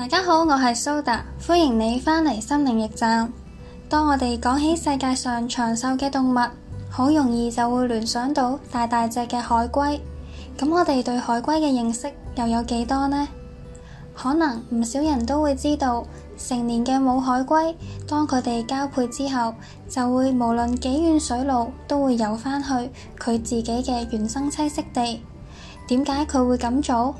大家好，我係蘇達，歡迎你返嚟心靈驛站。當我哋講起世界上長壽嘅動物，好容易就會聯想到大大隻嘅海龜。咁我哋對海龜嘅認識又有幾多呢？可能唔少人都會知道，成年嘅母海龜當佢哋交配之後，就會無論幾遠水路都會游返去佢自己嘅原生棲息地。點解佢會咁做？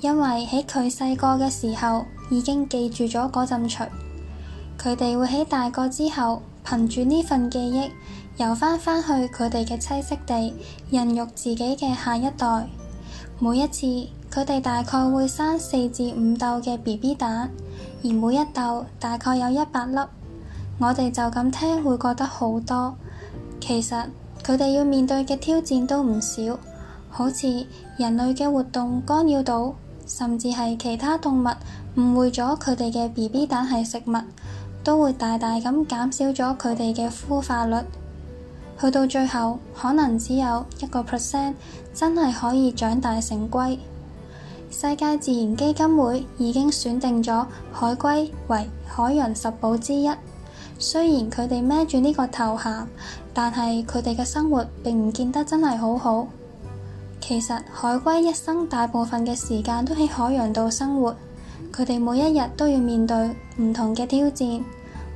因為喺佢細個嘅時候，已經記住咗嗰陣除，佢哋會喺大個之後，憑住呢份記憶游翻返去佢哋嘅棲息地，孕育自己嘅下一代。每一次佢哋大概會生四至五竇嘅 BB 蛋，而每一竇大概有一百粒。我哋就咁聽會覺得好多，其實佢哋要面對嘅挑戰都唔少，好似人類嘅活動干擾到。甚至係其他動物誤會咗佢哋嘅 BB 蛋係食物，都會大大咁減少咗佢哋嘅孵化率。去到最後，可能只有一個 percent 真係可以長大成龜。世界自然基金會已經選定咗海龜為海洋十寶之一。雖然佢哋孭住呢個頭銜，但係佢哋嘅生活並唔見得真係好好。其實海龜一生大部分嘅時間都喺海洋度生活，佢哋每一日都要面對唔同嘅挑戰，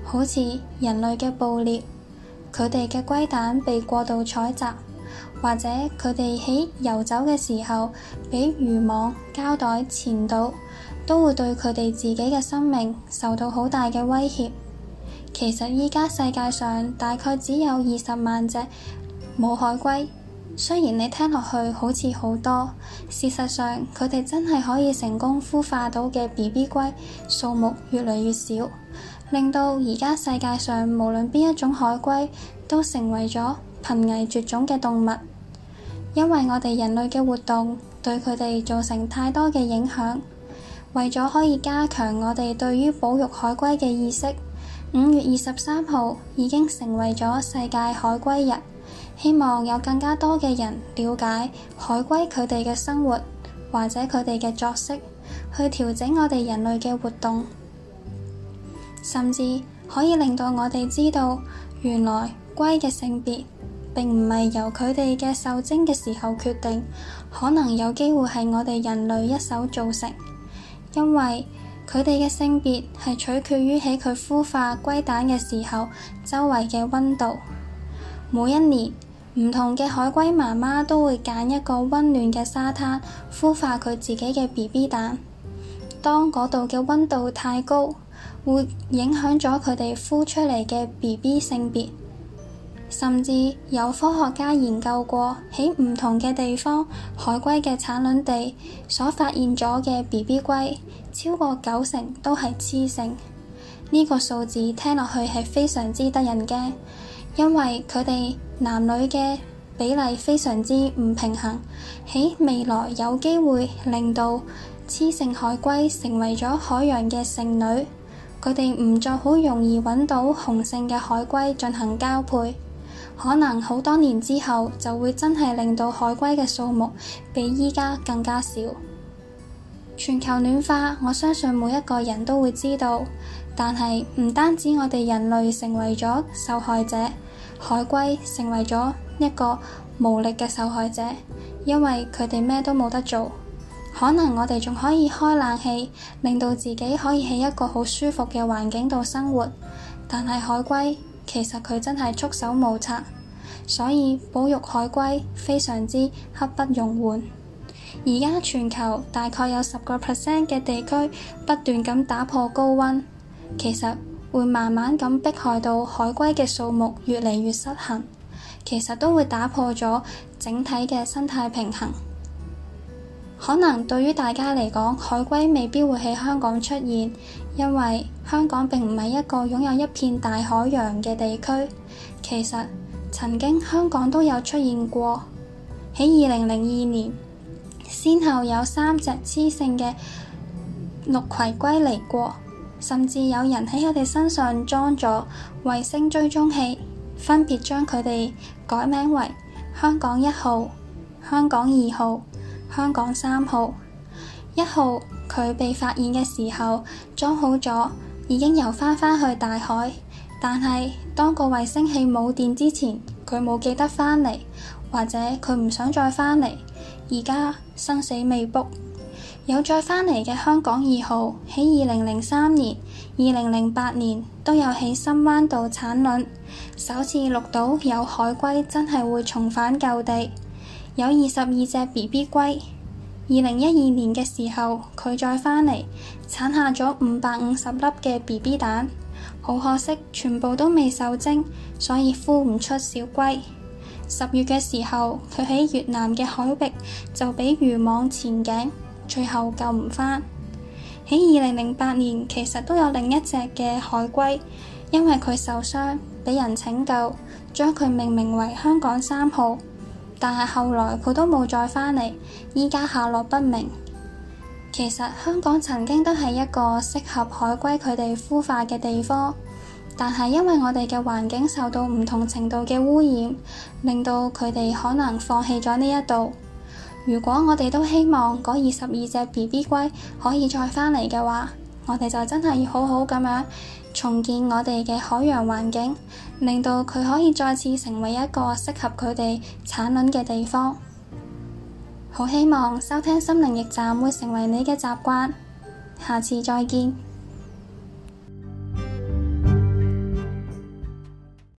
好似人類嘅捕獵，佢哋嘅龜蛋被過度採集，或者佢哋喺游走嘅時候俾漁網、膠袋纏到，都會對佢哋自己嘅生命受到好大嘅威脅。其實而家世界上大概只有二十萬隻冇海龜。雖然你聽落去好似好多，事實上佢哋真係可以成功孵化到嘅 BB 龜數目越嚟越少，令到而家世界上無論邊一種海龜都成為咗瀕危絕種嘅動物，因為我哋人類嘅活動對佢哋造成太多嘅影響。為咗可以加強我哋對於保育海龜嘅意識，五月二十三號已經成為咗世界海龜日。希望有更加多嘅人了解海龜佢哋嘅生活，或者佢哋嘅作息，去調整我哋人類嘅活動，甚至可以令到我哋知道，原來龜嘅性別並唔係由佢哋嘅受精嘅時候決定，可能有機會係我哋人類一手造成，因為佢哋嘅性別係取決於喺佢孵化龜蛋嘅時候周圍嘅溫度，每一年。唔同嘅海龜媽媽都會揀一個溫暖嘅沙灘孵化佢自己嘅 BB 蛋。當嗰度嘅溫度太高，會影響咗佢哋孵出嚟嘅 BB 性別。甚至有科學家研究過，喺唔同嘅地方海龜嘅產卵地所發現咗嘅 BB 龜，超過九成都係雌性。呢個數字聽落去係非常之得人驚。因為佢哋男女嘅比例非常之唔平衡，喺未來有機會令到雌性海龜成為咗海洋嘅剩女，佢哋唔再好容易揾到雄性嘅海龜進行交配，可能好多年之後就會真係令到海龜嘅數目比依家更加少。全球暖化，我相信每一個人都會知道，但係唔單止我哋人類成為咗受害者，海龜成為咗一個無力嘅受害者，因為佢哋咩都冇得做。可能我哋仲可以開冷氣，令到自己可以喺一個好舒服嘅環境度生活，但係海龜其實佢真係束手無策，所以保育海龜非常之刻不容緩。而家全球大概有十個 percent 嘅地區不斷咁打破高溫，其實會慢慢咁迫害到海龜嘅數目越嚟越失衡，其實都會打破咗整體嘅生態平衡。可能對於大家嚟講，海龜未必會喺香港出現，因為香港並唔係一個擁有一片大海洋嘅地區。其實曾經香港都有出現過，喺二零零二年。先後有三隻雌性嘅綠葵龜嚟過，甚至有人喺佢哋身上裝咗衛星追蹤器，分別將佢哋改名為香港一號、香港二號、香港三號。一號佢被發現嘅時候裝好咗，已經游翻返去大海，但係當個衛星器冇電之前，佢冇記得翻嚟，或者佢唔想再翻嚟。而家生死未卜，有再返嚟嘅香港二號，喺二零零三年、二零零八年都有喺深灣度產卵，首次錄到有海龜真係會重返舊地，有二十二隻 BB 龜。二零一二年嘅時候，佢再返嚟產下咗五百五十粒嘅 BB 蛋，好可惜全部都未受精，所以孵唔出小龜。十月嘅時候，佢喺越南嘅海域就俾漁網纏頸，最後救唔返。喺二零零八年，其實都有另一隻嘅海龜，因為佢受傷，畀人拯救，將佢命名為香港三號，但係後來佢都冇再返嚟，依家下落不明。其實香港曾經都係一個適合海龜佢哋孵化嘅地方。但係因為我哋嘅環境受到唔同程度嘅污染，令到佢哋可能放棄咗呢一度。如果我哋都希望嗰二十二隻 B B 龜可以再返嚟嘅話，我哋就真係要好好咁樣重建我哋嘅海洋環境，令到佢可以再次成為一個適合佢哋產卵嘅地方。好希望收聽心靈驛站會成為你嘅習慣，下次再見。